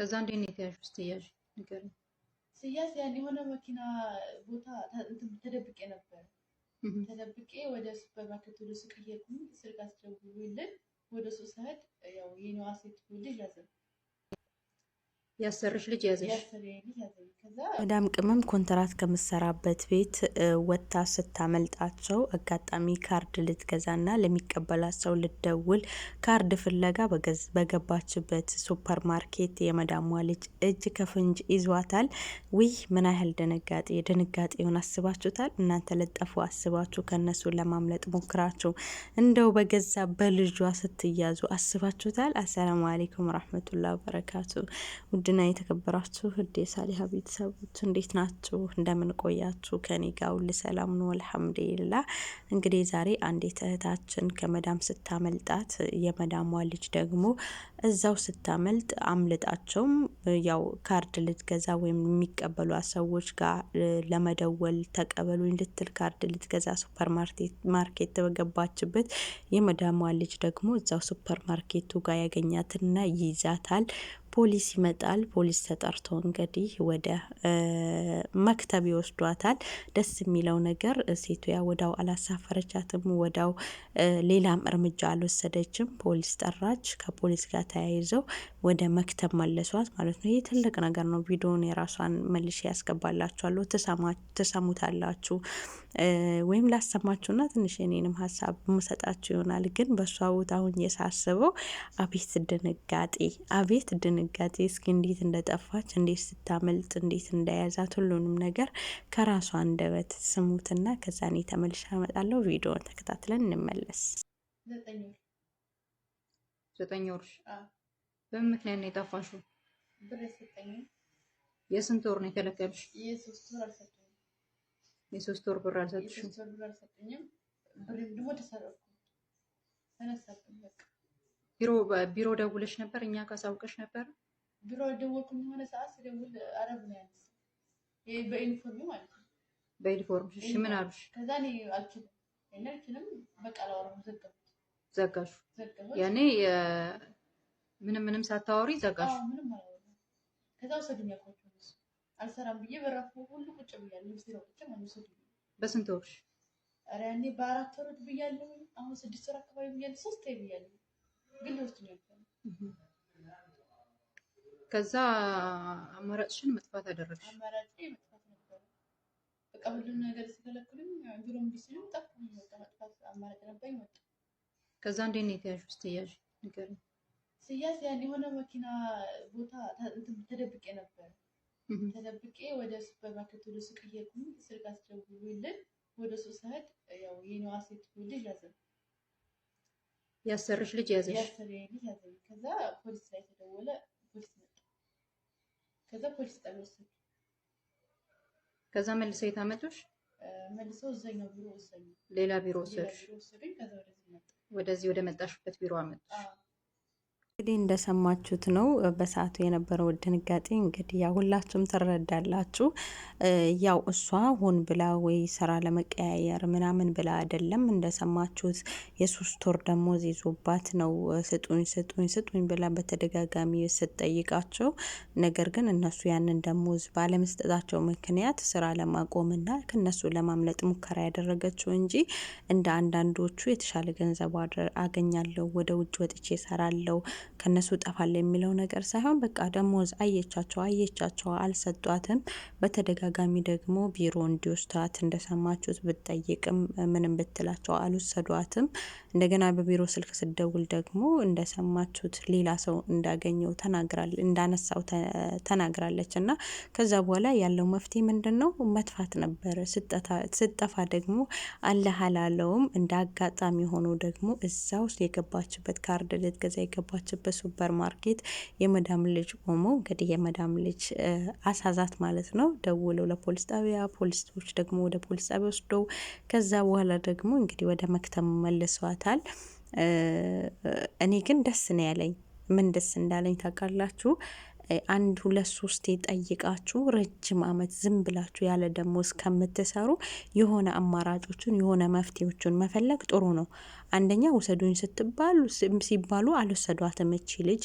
ከዛ እንዴት ነው የተያዥው? ስትያዥ ንገሪኝ። ስያዝ ያን የሆነ መኪና ቦታ ተደብቄ ነበር። ተደብቄ ወደ ሱፐርማርኬት ወደ ሱቅ እየሄድኩኝ ስልክ አስደውሎልን ወደ ሱቅ ስሄድ ያው የኔዋ ሴት ልጅ ያዘኝ ያሰርሽ ልጅ ያዘሽ መዳም ቅመም ኮንትራት ከምሰራበት ቤት ወጥታ ስታመልጣቸው አጋጣሚ ካርድ ልትገዛና ለሚቀበላት ሰው ካርድ ፍለጋ በገባችበት ሱፐር ማርኬት የመዳሟ ልጅ እጅ ከፍንጅ ይዟታል። ውይ ምን ያህል ድንጋጤ! ድንጋጤውን አስባችሁታል እናንተ? ለጠፉ አስባችሁ ከነሱ ለማምለጥ ሞክራችሁ እንደው በገዛ በልጇ ስትያዙ አስባችሁታል? አሰላሙ አሌይኩም ረህመቱላ በረካቱ ውድ ውድና የተከበራችሁ ህዴ ሳሊሀ ቤተሰቦች እንዴት ናችሁ? እንደምን ቆያችሁ? ከኔ ጋር ሁሉ ሰላም ነው አልሐምዱሊላ። እንግዲህ ዛሬ አንዲት እህታችን ከመዳም ስታመልጣት የመዳሟ ልጅ ደግሞ እዛው ስታመልጥ አምልጣቸውም ያው ካርድ ልትገዛ ወይም የሚቀበሏት ሰዎች ጋር ለመደወል ተቀበሉ ልትል ካርድ ልትገዛ ሱፐር ማርኬት በገባችበት የመዳሟ ልጅ ደግሞ እዛው ሱፐር ማርኬቱ ጋር ያገኛትና ይይዛታል። ፖሊስ ይመጣል። ፖሊስ ተጠርቶ እንግዲህ ወደ መክተብ ይወስዷታል። ደስ የሚለው ነገር ሴቷ ወዳው አላሳፈረቻትም፣ ወዳው ሌላም እርምጃ አልወሰደችም። ፖሊስ ጠራች። ከፖሊስ ጋር ተያይዘው ወደ መክተብ መለሷት ማለት ነው። ይህ ትልቅ ነገር ነው። ቪዲዮን የራሷን መልሼ ያስገባላችኋለሁ፣ ትሰሙታላችሁ ወይም ላሰማችሁና ትንሽ የኔንም ሀሳብ መሰጣችሁ ይሆናል። ግን በእሷ ቦታ አሁን የሳስበው አቤት ድንጋጤ፣ አቤት ድንጋጤ ድንጋጤ እስኪ እንዴት እንደጠፋች እንዴት ስታመልጥ እንዴት እንደያዛት ሁሉንም ነገር ከራሷ አንደበት ስሙትና ከዛኔ ተመልሻ እመጣለሁ። ቪዲዮን ተከታትለን እንመለስ። ዘጠኝ ወር በምን ምክንያት ነው የጠፋሽው? የስንት ወር ነው የከለከሉሽ? የሶስት ወር ብር ወር ብር በቃ ቢሮ ቢሮ ደውለሽ ነበር? እኛ ጋር ሳውቀሽ ነበር? ቢሮ ደወልኩኝ። የሆነ ሰዓት ስደውል አረብ ነው ያለ ይሄ በዩኒፎርም ማለት ነው። በዩኒፎርም እሺ። ምን አሉሽ? ከዛ እኔ አልችልም እና አልችልም በቃ አላወራም። ዘጋሁ ዘጋሹ ያኔ ምንም ምንም ሳታወሪ ዘጋሹ። ምንም አላወራም። ከዛ ወሰዱኝ አልኳቸው። አልሰራም ብዬ በራፉ ሁሉ ቁጭ ብያለሁ። ልብስ ነው ቁጭ ማለት ነው። በስንት ወርሽ? ኧረ ያኔ በአራት ወር ብያለሁ። አሁን ስድስት ወር አካባቢ ብያለሁ። ሶስት ብያለሁ ከዛ አማራጭሽን መጥፋት አደረግሽ። አማራጭ በቃ ሁሉም ነገር ሲከለክሉኝ መጥፋት አማራጭ ከዛ እንዴት ነው ውስጥ ተያዥ ንገሪኝ። ስያዝ ያን የሆነ መኪና ቦታ ተደብቄ ነበረ። ተደብቄ ወደ ሱፐርማርኬት ወደ ሱቅ እየሄድኩኝ ስልክ አስደውሎልኝ ወደ ሱቅ ስሄድ ያው የኔዋ ሴት ልጅ ያዘኝ። ያሰርሽ ልጅ ያዘሽ። ያሰርሽ ልጅ ከዛ ፖሊስ ላይ ተደወለ። ፖሊስ መጣ። ከዛ ፖሊስ ጠበሰች። ከዛ መልሰው የታመጡሽ አመጡሽ? መልሰው እዛኛው ቢሮ ወሰዱ። ሌላ ቢሮ ወሰዱሽ። ወደዚህ ወደ መጣሽበት ቢሮ አመጡሽ። እንግዲህ እንደሰማችሁት ነው በሰዓቱ የነበረው ድንጋጤ። እንግዲህ ያው ሁላችሁም ትረዳላችሁ። ያው እሷ ሆን ብላ ወይ ስራ ለመቀያየር ምናምን ብላ አይደለም። እንደሰማችሁት የሶስት ወር ደሞዝ ይዞባት ነው ስጡኝ ስጡኝ ስጡኝ ብላ በተደጋጋሚ ስትጠይቃቸው፣ ነገር ግን እነሱ ያንን ደሞዝ ባለመስጠታቸው ምክንያት ስራ ለማቆምና ከነሱ ለማምለጥ ሙከራ ያደረገችው እንጂ እንደ አንዳንዶቹ የተሻለ ገንዘብ አገኛለሁ፣ ወደ ውጭ ወጥቼ እሰራለሁ ከነሱ እጠፋለሁ የሚለው ነገር ሳይሆን በቃ ደሞዝ አየቻቸው አየቻቸው አልሰጧትም። በተደጋጋሚ ደግሞ ቢሮ እንዲወስዷት እንደሰማችሁት ብጠይቅም ምንም ብትላቸው አልወሰዷትም። እንደገና በቢሮ ስልክ ስደውል ደግሞ እንደሰማችሁት ሌላ ሰው እንዳገኘው እንዳነሳው ተናግራለች። እና ከዛ በኋላ ያለው መፍትሄ ምንድነው? መጥፋት ነበረ። ስጠፋ ደግሞ አለህ እንደ አጋጣሚ ሆኖ ደግሞ ውስጥ የገባችበት ካርድ ልትገዛ የገባችበት በሱፐር ማርኬት የመዳም ልጅ ቆሞ እንግዲህ የመዳም ልጅ አሳዛት ማለት ነው። ደውለው ለፖሊስ ጣቢያ፣ ፖሊሶች ደግሞ ወደ ፖሊስ ጣቢያ ወስደው ከዛ በኋላ ደግሞ እንግዲህ ወደ መክተም መልሰዋታል። እኔ ግን ደስ ነው ያለኝ። ምን ደስ እንዳለኝ ታውቃላችሁ? አንድ ሁለት ሶስቴ ጠይቃችሁ ረጅም አመት ዝም ብላችሁ ያለ ደሞዝ ከምትሰሩ የሆነ አማራጮችን የሆነ መፍትሄዎችን መፈለግ ጥሩ ነው። አንደኛ ውሰዱኝ ስትባሉ ሲባሉ አልወሰዷትም እቺ ልጅ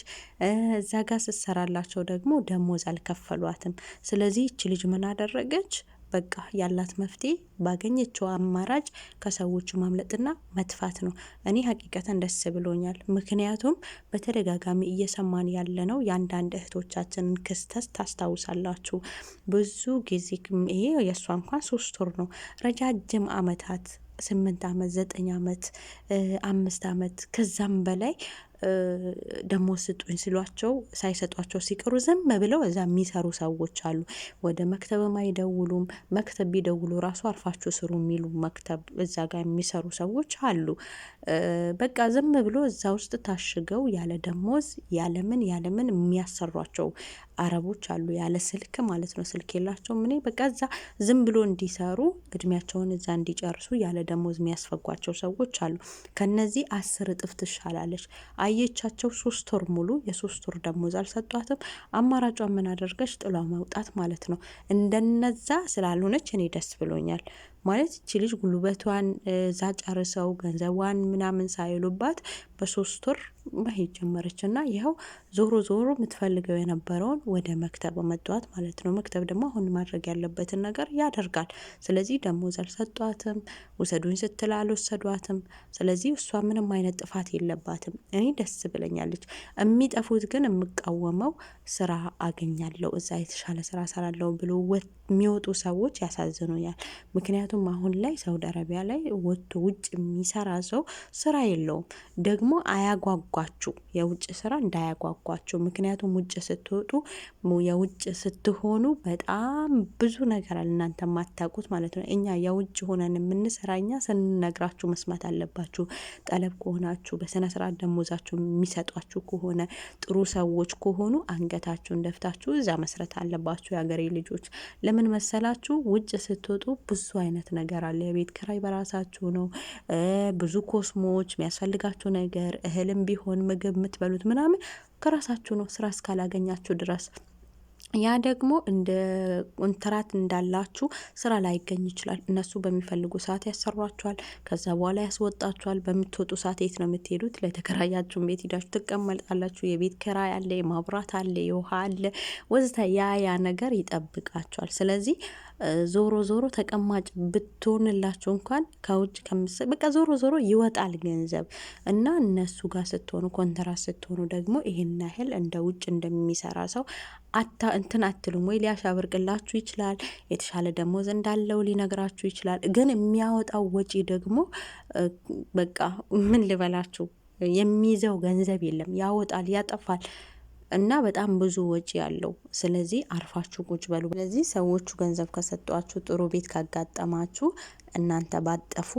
እዛ ጋር ስትሰራላቸው ደግሞ ደሞዝ አልከፈሏትም። ስለዚህ እቺ ልጅ ምን አደረገች? በቃ ያላት መፍትሄ ባገኘችው አማራጭ ከሰዎቹ ማምለጥና መጥፋት ነው። እኔ ሀቂቀተን ደስ ብሎኛል። ምክንያቱም በተደጋጋሚ እየሰማን ያለነው የአንዳንድ እህቶቻችንን ክስተት ታስታውሳላችሁ። ብዙ ጊዜ ይሄ የእሷ እንኳን ሶስት ወር ነው ረጃጅም አመታት ስምንት አመት ዘጠኝ አመት አምስት አመት ከዛም በላይ ደሞዝ ስጡኝ ሲሏቸው ሳይሰጧቸው ሲቀሩ ዝም ብለው እዛ የሚሰሩ ሰዎች አሉ። ወደ መክተብም አይደውሉም። መክተብ ቢደውሉ ራሱ አርፋችሁ ስሩ የሚሉ መክተብ እዛ ጋር የሚሰሩ ሰዎች አሉ። በቃ ዝም ብሎ እዛ ውስጥ ታሽገው ያለ ደሞዝ ያለምን ያለምን የሚያሰሯቸው አረቦች አሉ። ያለ ስልክ ማለት ነው። ስልክ የላቸውም። ምን በቃ እዛ ዝም ብሎ እንዲሰሩ እድሜያቸውን እዛ እንዲጨርሱ ያለ ደሞዝ የሚያስፈጓቸው ሰዎች አሉ። ከነዚህ አስር እጥፍ ትሻላለች። አየቻቸው። ሶስት ወር ሙሉ የሶስት ወር ደሞዝ አልሰጧትም። አማራጯ ምን አደርገች? ጥሏ መውጣት ማለት ነው። እንደነዛ ስላልሆነች እኔ ደስ ብሎኛል ማለት እቺ ልጅ ጉልበቷን እዛ ጨርሰው ገንዘቧን ምናምን ሳይሉባት በሶስት ወር መሄድ ጀመረች እና ይኸው ዞሮ ዞሮ የምትፈልገው የነበረውን ወደ መክተብ መጧት ማለት ነው። መክተብ ደግሞ አሁን ማድረግ ያለበትን ነገር ያደርጋል። ስለዚህ ደሞዝ አልሰጧትም፣ ውሰዱኝ ስትል አልወሰዷትም። ስለዚህ እሷ ምንም አይነት ጥፋት የለባትም። እኔ ደስ ብለኛለች። የሚጠፉት ግን የምቃወመው ስራ አገኛለሁ እዛ የተሻለ ስራ ሰራለሁ ብሎ የሚወጡ ሰዎች ያሳዝኑኛል። ምክንያቱም አሁን ላይ ሳውዲ አረቢያ ላይ ወጥቶ ውጭ የሚሰራ ሰው ስራ የለውም ደግሞ አያጓጓ እንዳያጓጓችሁ የውጭ ስራ እንዳያጓጓችሁ። ምክንያቱም ውጭ ስትወጡ የውጭ ስትሆኑ በጣም ብዙ ነገር አለ እናንተ የማታውቁት ማለት ነው። እኛ የውጭ ሆነን የምንሰራ እኛ ስንነግራችሁ መስማት አለባችሁ። ጠለብ ከሆናችሁ በስነ ስርዓት ደሞዛችሁ የሚሰጧችሁ ከሆነ ጥሩ ሰዎች ከሆኑ አንገታችሁን ደፍታችሁ እዛ መስረት አለባችሁ። የሀገሬ ልጆች ለምን መሰላችሁ? ውጭ ስትወጡ ብዙ አይነት ነገር አለ። የቤት ክራይ በራሳችሁ ነው። ብዙ ኮስሞች የሚያስፈልጋችሁ ነገር እህልም ቢሆን የሚሆን ምግብ የምትበሉት ምናምን ከራሳችሁ ነው ስራ እስካላገኛችሁ ድረስ ያ ደግሞ እንደ ኮንትራት እንዳላችሁ ስራ ላይገኝ ይችላል። እነሱ በሚፈልጉ ሰዓት ያሰሯችኋል፣ ከዛ በኋላ ያስወጣችኋል። በምትወጡ ሰዓት የት ነው የምትሄዱት? ለተከራያችሁን ቤት ሂዳችሁ ትቀመጣላችሁ። የቤት ኪራይ አለ፣ የማብራት አለ፣ የውሃ አለ፣ ወዘተ ያ ያ ነገር ይጠብቃችኋል። ስለዚህ ዞሮ ዞሮ ተቀማጭ ብትሆንላቸው እንኳን ከውጭ ከምሰ በቃ ዞሮ ዞሮ ይወጣል ገንዘብ እና እነሱ ጋር ስትሆኑ ኮንትራት ስትሆኑ ደግሞ ይሄን ያህል እንደ ውጭ እንደሚሰራ ሰው አታ እንትን አትሉም ወይ ሊያሻብርቅላችሁ ይችላል። የተሻለ ደሞዝ እንዳለው ሊነግራችሁ ይችላል። ግን የሚያወጣው ወጪ ደግሞ በቃ ምን ልበላችሁ የሚይዘው ገንዘብ የለም። ያወጣል፣ ያጠፋል። እና በጣም ብዙ ወጪ ያለው ስለዚህ አርፋችሁ ቁጭ በሉ። ስለዚህ ሰዎቹ ገንዘብ ከሰጧችሁ ጥሩ ቤት ካጋጠማችሁ እናንተ ባጠፉ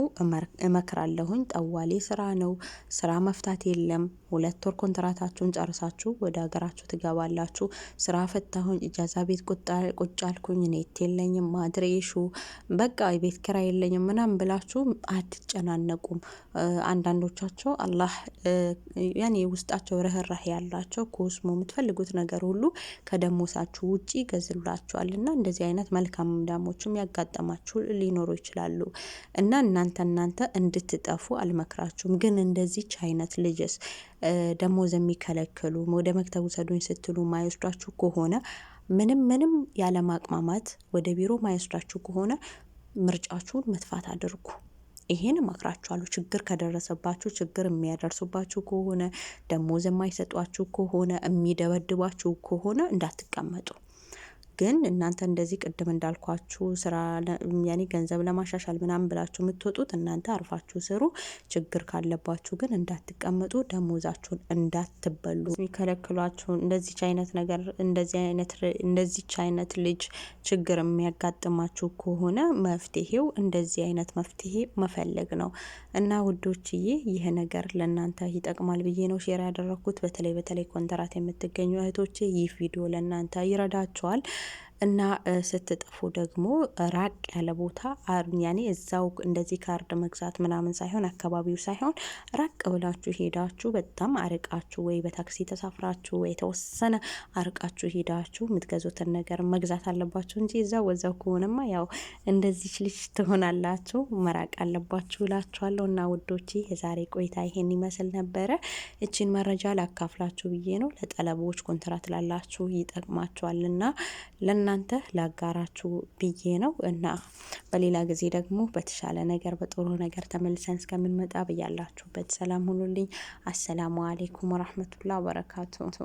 እመክራለሁኝ። ጠዋሌ ስራ ነው። ስራ መፍታት የለም። ሁለት ወር ኮንትራታችሁን ጨርሳችሁ ወደ ሀገራችሁ ትገባላችሁ። ስራ ፈታሁኝ፣ እጃዛ ቤት ቁጭ አልኩኝ፣ ኔት የለኝም፣ ማድሬሹ በቃ ቤት ኪራይ የለኝም ምናምን ብላችሁ አትጨናነቁም። አንዳንዶቻቸው አላህ ያኔ ውስጣቸው ርህራሄ ያላቸው ኮስሞ የምትፈልጉት ነገር ሁሉ ከደሞሳችሁ ውጪ ይገዝላችኋል እና እንደዚህ አይነት መልካም ዳሞችም ያጋጠማችሁ ሊኖሩ ይችላሉ። እና እናንተ እናንተ እንድትጠፉ አልመክራችሁም። ግን እንደዚች አይነት ልጅስ ደሞዝ የሚከለክሉ ወደ መክተቡ ሰዱኝ ስትሉ ማይወስዷችሁ ከሆነ ምንም ምንም ያለማቅማማት ወደ ቢሮ ማይወስዷችሁ ከሆነ ምርጫችሁን መጥፋት አድርጉ። ይሄን እመክራችኋለሁ። ችግር ከደረሰባችሁ ችግር የሚያደርሱባችሁ ከሆነ ደሞዝ የማይሰጧችሁ ከሆነ የሚደበድቧችሁ ከሆነ እንዳትቀመጡ ግን እናንተ እንደዚህ ቅድም እንዳልኳችሁ ስራ ያኔ ገንዘብ ለማሻሻል ምናምን ብላችሁ የምትወጡት እናንተ አርፋችሁ ስሩ። ችግር ካለባችሁ ግን እንዳትቀመጡ፣ ደሞዛችሁን እንዳትበሉ የሚከለክሏችሁ እንደዚች አይነት ነገር እንደዚች አይነት ልጅ ችግር የሚያጋጥማችሁ ከሆነ መፍትሄው እንደዚህ አይነት መፍትሄ መፈለግ ነው እና ውዶችዬ፣ ይህ ነገር ለእናንተ ይጠቅማል ብዬ ነው ሼር ያደረግኩት። በተለይ በተለይ ኮንትራት የምትገኙ እህቶች ይህ ቪዲዮ ለእናንተ ይረዳችኋል። እና ስትጥፉ ደግሞ ራቅ ያለ ቦታ ያኔ እዛው እንደዚህ ካርድ መግዛት ምናምን ሳይሆን አካባቢው ሳይሆን ራቅ ብላችሁ ሄዳችሁ በጣም አርቃችሁ ወይ በታክሲ ተሳፍራችሁ ወይ የተወሰነ አርቃችሁ ሄዳችሁ የምትገዙትን ነገር መግዛት አለባችሁ እንጂ እዛው እዛው ከሆነማ ያው እንደዚች ልጅ ትሆናላችሁ። መራቅ አለባችሁ እላችኋለሁ። እና ውዶቼ የዛሬ ቆይታ ይሄን ይመስል ነበረ። እችን መረጃ ላካፍላችሁ ብዬ ነው። ለጠለቦች ኮንትራት ላላችሁ ይጠቅማችኋልና ለእናንተ ላጋራችሁ ብዬ ነው እና በሌላ ጊዜ ደግሞ በተሻለ ነገር በጥሩ ነገር ተመልሰን እስከምንመጣ ብያላችሁበት ሰላም ሁኑልኝ። አሰላሙ አሌይኩም ወራህመቱላ ወበረካቱ።